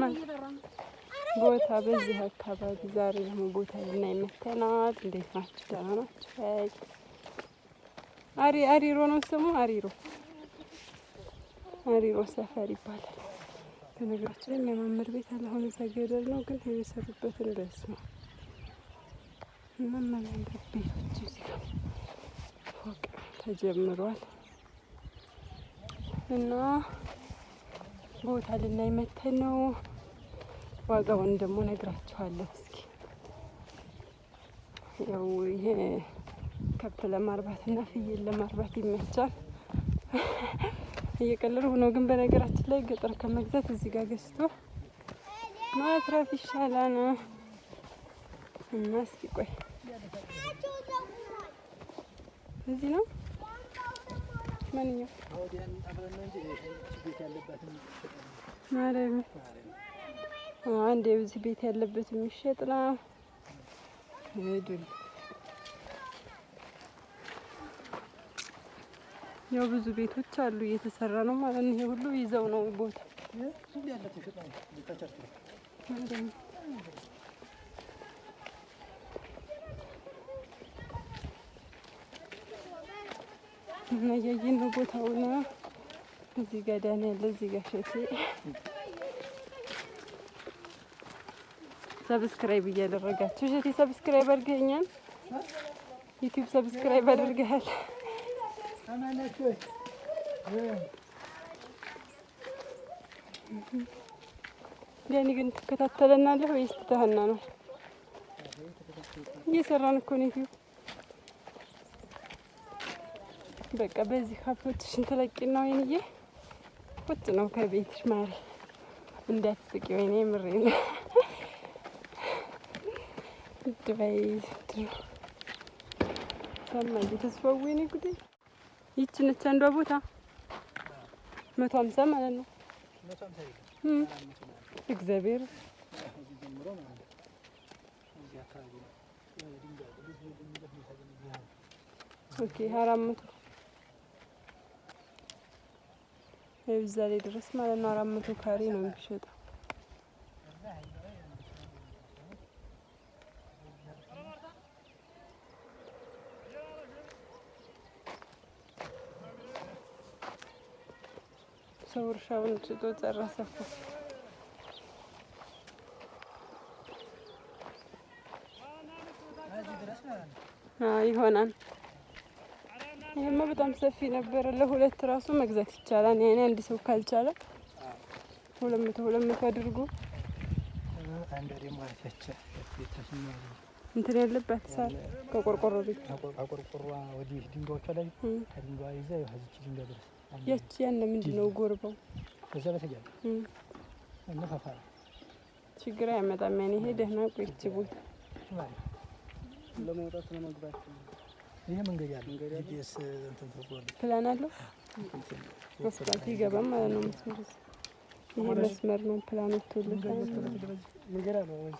ቦታ በዚህ አካባቢ ዛሬ ደግሞ ቦታ ልናይ መተናል። እንዴት ናችሁ? ደህና ናችሁ? አሪ አሪሮ ነው ስሙ። አሪሮ አሪሮ ሰፈር ይባላል። በነገራችን ላይ የሚያማምር ቤት አለ። አሁን እዛ ገደል ነው ግን የሚሰሩበትን በስ ነው እና የሚያማምር ቤቶች እዚህ ፎቅ ተጀምሯል እና ቦታ ልናይ መተን ነው ዋጋውን ደግሞ ነግራችኋለሁ። እስኪ ያው ይሄ ከብት ለማርባት እና ፍየል ለማርባት ይመቻል። እየቀለሉ ነው፣ ግን በነገራችን ላይ ገጠር ከመግዛት እዚህ ጋር ገዝቶ ማትረፍ ይሻላል እና እስኪ ቆይ እዚህ ነው ማንኛው አንድ የብዚህ ቤት ያለበት የሚሸጥ ነው። ይሄዱል ያው ብዙ ቤቶች አሉ እየተሰራ ነው ማለት ነው። ይሄ ሁሉ ይዘው ነው ቦታ እና እያየን ነው ቦታውን እዚህ ጋር ዳን ያለ እዚህ ጋር ሸቴ ሰብስክራይብ እያደረጋችሁ እሸቴ ሰብስክራይብ አድርገኛል። ዩቲዩብ ሰብስክራይብ አድርገሃል። ያኔ ግን ትከታተለናለህ ወይስ ትተህና ነው? እየሰራን እኮ ነው። ዩቲዩብ በቃ በዚህ ሀብቶችሽን ትለቂና ወይንዬ ወጥ ነው ከቤትሽ ማሪ እንዳትስቂ። ወይኔ ምሬ ነው ግድ በይ ሰማዬ ተስፋው ወይኔ ጉዴ ይቺ ነች አንዷ ቦታ መቶ ሀምሳ ማለት ነው እግዚአብሔር ኦኬ አራት መቶ እዛ ላይ ድረስ ማለት ነው አራት መቶ ካሬ ነው የሚሸጠው እርሻውን ሽጦ ጨረሰ። ይሆናል። ይህማ በጣም ሰፊ ነበረ። ለሁለት ራሱ መግዛት ይቻላል። ያኔ አንድ ሰው ካልቻለ ሁለት መቶ ሁለት መቶ አድርጎ እንትን ያለበት ሳር ከቆርቆሮ ቤት ከቆርቆሮ ወዲህ ድንጋዮቿ ላይ ከድንጋይ ይዛ ይኸው ድንጋይ ድረስ ያቺ ያነ ምንድን ነው ጎርበው እዛ በተጃለ እና ችግር አያመጣም። ያኔ ይሄ ደህና ቆይቼ ቦታ ለመውጣት ለመግባት ይሄ መንገድ ያለ ጂፒኤስ እንትን ተቆለ ፕላን አለው መስራት ይገባል ማለት ነው። መስመር ይሄ መስመር ነው ፕላን ወጥቶልህ መንገድ አለ ወይ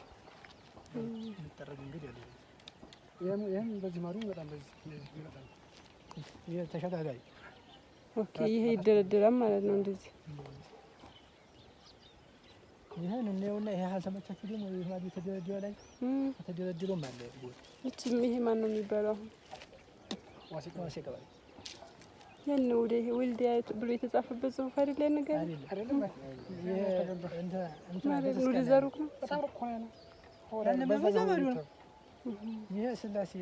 ተጠረግ መንገድ ያለ ይሄም ይሄም በዚህ ማሩ በጣም በዚህ ይሄ ተሻጋጋሪ ኦኬ፣ ይሄ ይደረደራል ማለት ነው። እንደዚህ ይሄን እንየውና ይሄ አልተመቻችሁ ደግሞ ይሄ ማለት ተደረደረ ላይ ተደረደረም አለ። እቺም ይሄ ማን ነው የሚባለው? አሁን ዋሲቅ ዋሲቅ ያን ወደ ይሄ ወልዲያ ብሎ የተጻፈበት ጽሑፍ አይደለ? ነገር አይደለም ይሄ ስላሴ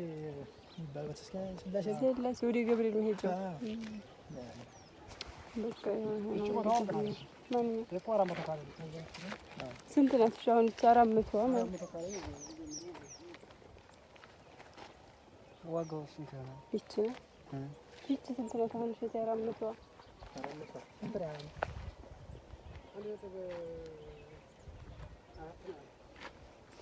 ስላሴ ወደ ገብርኤል መሄጃው ስንት ናት? አሁን አራት መቶ ዋጋው ስንት ነው? ይቺ ይቺ ስንት ናት? አሁን አራት መቶ ስንት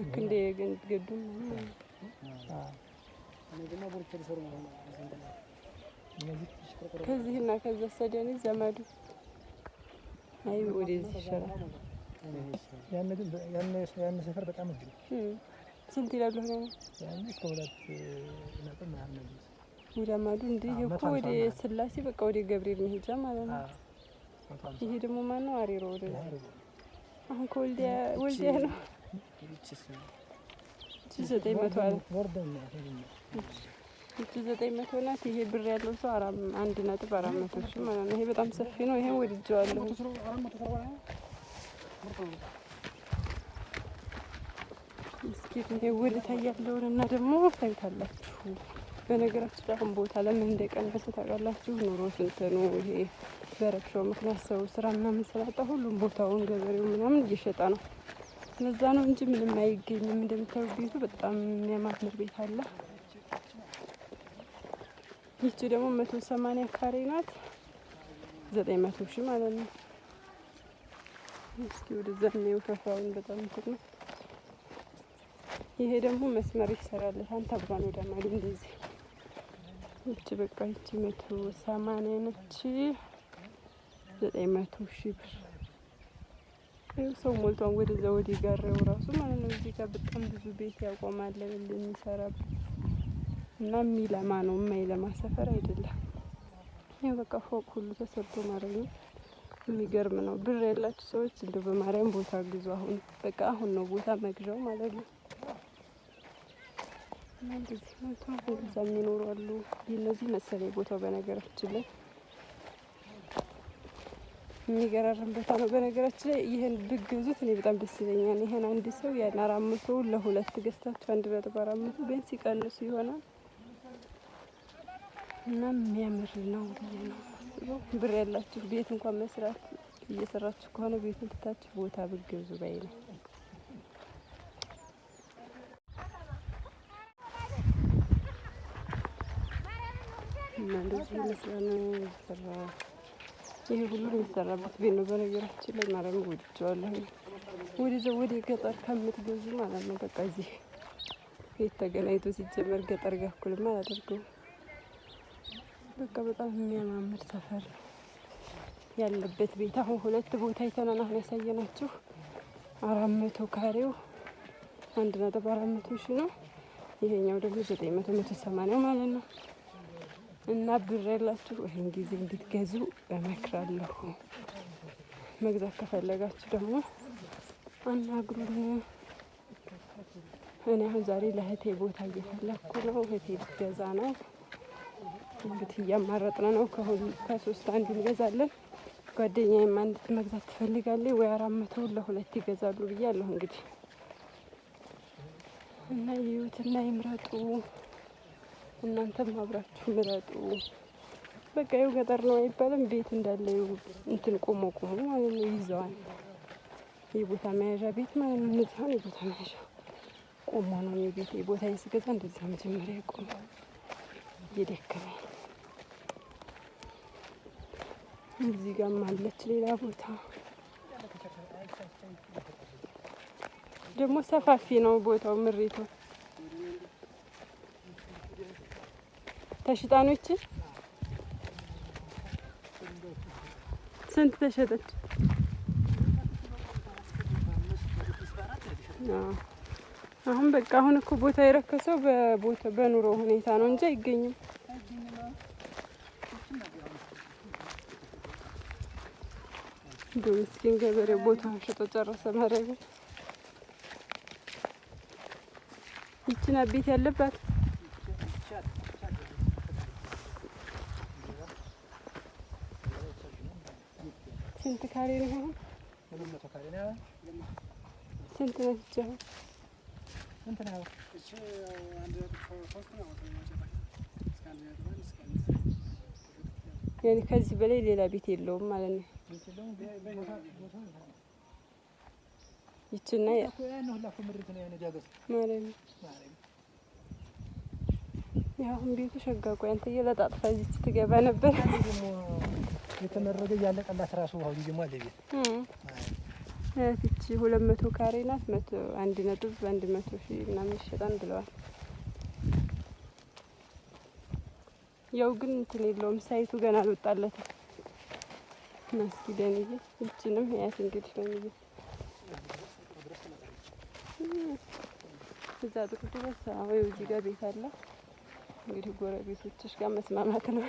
እንደ ገዱ ከዚህና ከዚያ ሰደኔ ዘመዱ አይ ወደዚህ ይሻላል። ያን ሰፈር በጣም እግ ስንት ይላሉ ወደ አማዱ እንደ እኮ ወደ ስላሴ በቃ ወደ ገብርኤል መሄጃ ማለት ነው። ይሄ ደግሞ ማነው አሬሮ ወደ አሁን ከወልዲያ ወልዲያ ነው። ዘጠኝ መቶ ናት። ይሄ ብር ያለው ሰው አንድ ነጥብ አራት መቶ ሺ ማለት ነው። ይሄ በጣም ሰፊ ነው። ይሄን ወድጀዋለሁ። እስኪ ይሄ ወደታ ያለውን እና ደግሞ ታይታላችሁ። በነገራችን አሁን ቦታ ለምን እንደቀነሰ ታውቃላችሁ? ኑሮ ስንት ነው? ይሄ በረብሻው ምክንያት ሰው ስራ ምናምን ስላጣ ሁሉም ቦታውን ገበሬው ምናምን እየሸጠ ነው። ለዛ ነው እንጂ ምንም አይገኝም። እንደምታዩት ቤቱ በጣም የሚያማምር ቤት አለ። ይቺ ደግሞ መቶ ካሬ ናት። 900 መቶ ሺህ ማለት ነው። እስኪ ወደዛ ነው ከፋውን በጣም ትክ ነው። ይሄ ደግሞ መስመር አንተ ተባን ወደ ማሊ እንደዚህ ይቺ በቃ ይቺ መቶ ነች። 900 ሺህ ብር ሰው ሞልቷን ወደዛ ወደ ጋራው ራሱ ማለት ነው። እዚህ ጋር በጣም ብዙ ቤት ያቆማል የሚሰራበት እና የሚለማ ነው የማይለማ ሰፈር አይደለም። ያው በቃ ፎቅ ሁሉ ተሰርቶ ማለት ነው። የሚገርም ነው። ብር ያላችሁ ሰዎች እንደ በማርያም ቦታ ግዙ። አሁን በቃ አሁን ነው ቦታ መግዣው ማለት ነው። እና እንደዚህ ሞልቷን ወደዛ የሚኖሩ አሉ። የነዚህ መሰለ ቦታው በነገራችን ላይ የሚገራርም ቦታ ነው። በነገራችን ላይ ይህን ብገዙት እኔ በጣም ደስ ይለኛል። ይህን አንድ ሰው ያን አራት መቶ ለሁለት ገዝታችሁ አንድ ነጥብ አራት መቶ ቢያንስ ይቀንሱ ይሆናል እና የሚያምር ነው ብዬ ነው ብር ያላችሁ ቤት እንኳን መስራት እየሰራችሁ ከሆነ ቤቱን ትታችሁ ቦታ ብገዙ ባይ ነው። እና እንደዚህ ይመስላል ነው የተሰራ ይሄ ሁሉ የሚሰራበት ቤት ነው። በነገራችን ላይ ማለት ነው ወድቸዋለሁ። ወደዛ ወደ ገጠር ከምትገዙ ማለት ነው በቃ እዚህ ቤት ተገናኝቶ ሲጀመር ገጠር ጋር እኩልም አላደርገውም። በቃ በጣም የሚያማምር ሰፈር ያለበት ቤት አሁን ሁለት ቦታ አይተናል። አሁን ያሳየናችሁ አራት መቶ ካሬው አንድ ነጥብ አራት መቶ ሺ ነው። ይሄኛው ደግሞ ዘጠኝ መቶ መቶ ሰማንያው ማለት ነው። እና ብር ያላችሁ ይህን ጊዜ እንድትገዙ እመክራለሁ። መግዛት ከፈለጋችሁ ደግሞ አናግሩኝ። እኔ አሁን ዛሬ ለእህቴ ቦታ እየፈለግኩ ነው። እህቴ ልትገዛ ነው። እንግዲህ እያማረጥን ነው። ከሶስት አንድ እንገዛለን። ጓደኛዬ አንዲት መግዛት ትፈልጋለች። ወይ አራት መቶ ለሁለት ይገዛሉ ብያለሁ። እንግዲህ እና እና ይምረጡ። እናንተም አብራችሁ ምረጡ። በቃ ይኸው ገጠር ነው አይባልም፣ ቤት እንዳለ እንትን ቆሞ ቆሞ ማለት ነው ይዘዋል። የቦታ መያዣ ቤት ማለት ነው እነዚሁን የቦታ መያዣ ቆሞ ነው የቤት የቦታ የስገዛ እንደዚያ መጀመሪያ ቆሞ እየደከመ እዚህ ጋር አለች ሌላ ቦታ ደግሞ ሰፋፊ ነው ቦታው ምሬቱ ተሽጣኖች ስንት ተሸጠች? አሁን በቃ አሁን እኮ ቦታ የረከሰው በቦታ በኑሮ ሁኔታ ነው እንጂ አይገኝም። ምስኪን ገበሬ ቦታ ሽጦ ጨረሰ። መረቤት ይችን አቤት ያለባት ስንት ካሬ ነው ይሁን? ሁለት መቶ ካሬ ነው። ስንት ነው ይቻላል? ስንት ነው? እሺ አንድ ሶስት ነው። ያኔ ከዚህ በላይ ሌላ ቤት የለውም ማለት ነው። ይችና ያ ያሁን ቤቱ ሸጋቆ ያንተ እየለጣጥፋ እዚህ ትገባ ነበር። የተመረገ እያለቀላት ራሱ ውሃው እንጂ ማለት ቤት እቺ ሁለት መቶ ካሬ ናት። መቶ አንድ ነጥብ አንድ መቶ ሺህ ምናምን ይሸጣል ብለዋል። ያው ግን እንትን የለውም ሳይቱ ገና አልወጣለትም። ማስኪደን ይሄ እቺንም ያት እንግዲህ ነው ይሄ እዛ ጥቁር ድረስ አሁን እዚህ ጋር ቤት አለ እንግዲህ ጎረቤቶችሽ ጋር መስማማት ነው።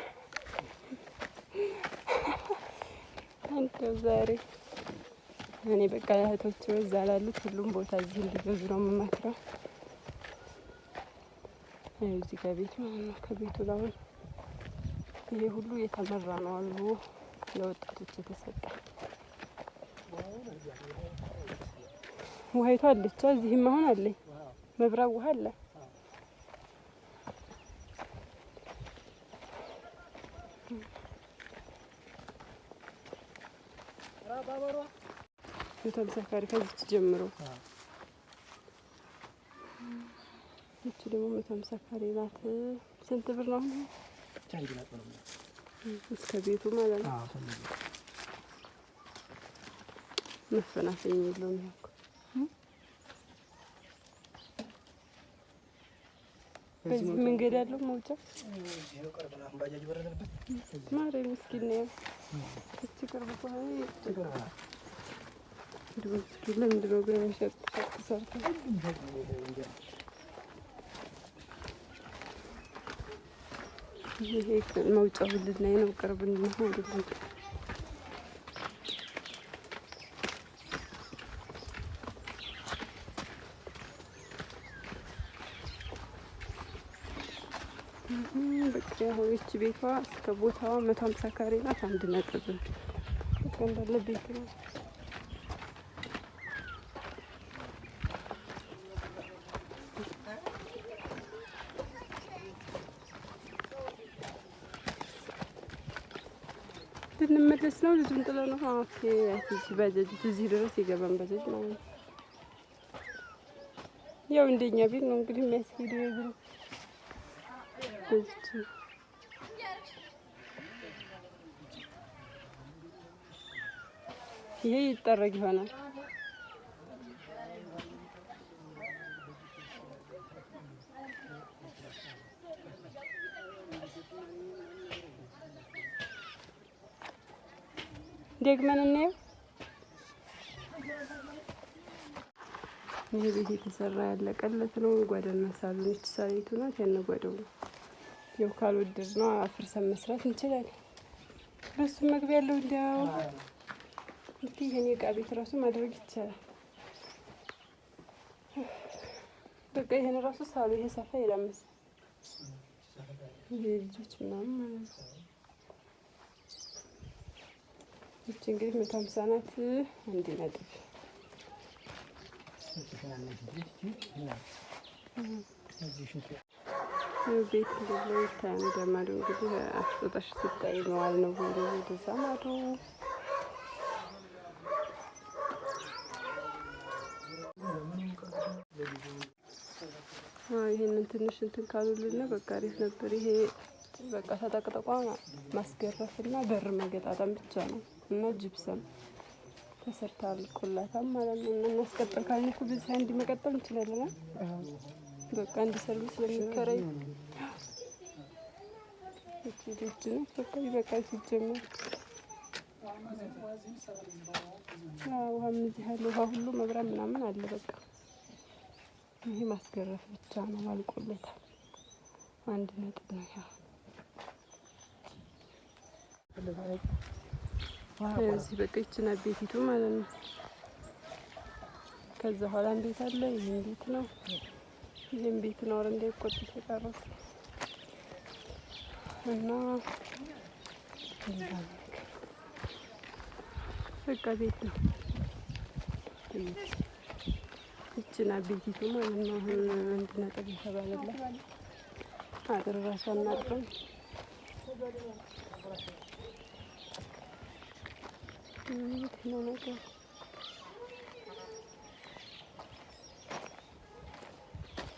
ዛሬ እኔ በቃ እህቶች እዛ ላሉት ሁሉም ቦታ እዚህ እንዲገዙ ነው የምመክረው። እዚህ ጋር ቤት ነው። ከቤቱ ለአሁን ይሄ ሁሉ የተመራ ነው አሉ ለወጣቶች የተሰጠ ውሀይቷ አለች። እዚህም አሁን አለኝ መብራት ውሀ አለ። ተዘካሪ ከዚች ጀምሮ ይቺ ደግሞ መቶ ናት። ስንት ብር ነው? እስከ ቤቱ ማለት ነው። መፈናፈኝ የለውም። በዚህ መንገድ ያለው መውጫ ማርያም ምስኪን ነው። መውጫ ብልድ ላይ ነው። ቅርብ እንሆን በቃ ይቺ ቤቷ እስከ ቦታዋ መቶ ሀምሳ ካሬ ናት አንድ ነጥብ ልንመለስ ነው። ልጁን ጥለው ነው ባጃጅ እዚህ ድረስ ባጃጅ ማለት ነው። ያው እንደኛ ቤት ነው እንግዲህ የሚያስሄድ ይሄ ይጠረግ ይሆናል። ደግመን እናየው። ይሄ ቤት የተሰራ ያለ ቀለት ነው። ጓዳና ሳሎች ሳቤቱ ናት። ያን ጓደው ያው ካልወደድ ነው አፍርሰን መስራት እንችላለን። በሱ መግቢያ ያለው እንዲያው እስቲ ይሄን የእቃ ቤት ራሱ ማድረግ ይቻላል። በቃ ይሄን ራሱ ሳሉ ይሄ ሰፋ ይላምስ ይሄ ምናምን ማለት ነው። ይቺ እንግዲህ መቶ ሀምሳ ናት። አንድ ነጥብ ቤት እንደላይ ይታያ እንደማዶ እንግዲህ አስጦጣሽ ሲታይ ነዋል ነው ወደዛ ማዶ ይሄንን ትንሽ እንትን ካሉልና በቃ አሪፍ ነበር። ይሄ በቃ ተጠቅጥቋ ማስገረፍና በር መገጣጠም ብቻ ነው እና ጅብሰም ተሰርታ አልቆላታም ማለት ነው። እና እናስቀጥል ካልን እኮ በዚህ ሳይ እንዲመቀጠል እንችላለን። በቃ እንዲሰሩ ስለሚከራይ እቺ ነው በቃ ይበቃ ሲጀመር ውሃ ምዚህ ያለ ውሃ ሁሉ መብራት ምናምን አለ በቃ ይሄ ማስገረፍ ብቻ ነው አልቆለታል። አንድ ነጥብ ነው ያው እዚህ በቃ ይችና ቤቲቱ ማለት ነው። ከዛ ኋላ እንዴት አለ ይሄን ቤት ነው ይሄን ቤት ነው ረንዴ እንዳይቆጥ ተቀረጸ እና በቃ ቤት ነው ይችን አቤቲቱ ማለት ነው። አሁን አንድ ነጥብ የተባለላት አጥር ራሱ አናጥርም። ይህ ነው ነገር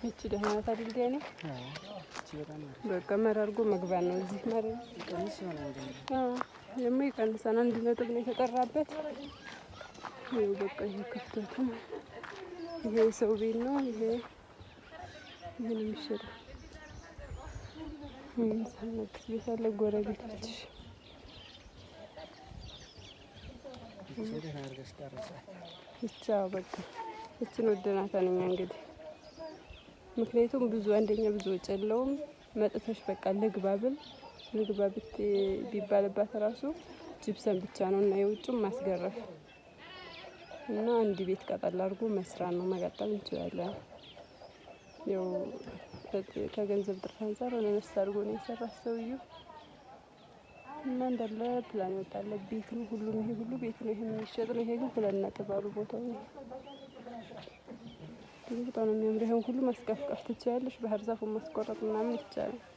ይቺ ደህና ናት አይደል? ዲያኔ በቃ መራርጎ አድርጎ መግባት ነው። እዚህ መር ደግሞ ይቀንሳል። አንድ ነጥብ ነው የተጠራበት። ይኸው በቃ ይህ ክፍተቱ ይሄ ሰው ቤት ነው። ይሄ ምን ምሽራ ሳነክስ ቤት አለ። ጎረቤቶች ብቻ በቃ እችን እኛ እንግዲህ ምክንያቱም ብዙ አንደኛ ብዙ ወጪ የለውም። መጥተሽ በቃ ልግባብል ልግባ ቢባልባት ራሱ ጅብሰን ብቻ ነው እና የውጭም ማስገረፍ እና አንድ ቤት ቀጠል አድርጎ መስራት ነው መቀጠል እንችላለን። ያው ከገንዘብ ጥርት አንጻር ሆነ ነስ አድርጎ ነው የሰራ ሰውዬው እና እንዳለ ፕላን ወጣለ። ቤት ነው ሁሉም፣ ይሄ ሁሉ ቤት ነው፣ ይሄ የሚሸጥ ነው። ይሄ ግን ሁለት ነጥብ አሉ ቦታው ነው። በጣም ነው የሚያምር። ይሄን ሁሉ ማስቀፍቀፍ ትችያለሽ፣ ባህር ዛፉን ማስቆረጥ ምናምን ይቻላል።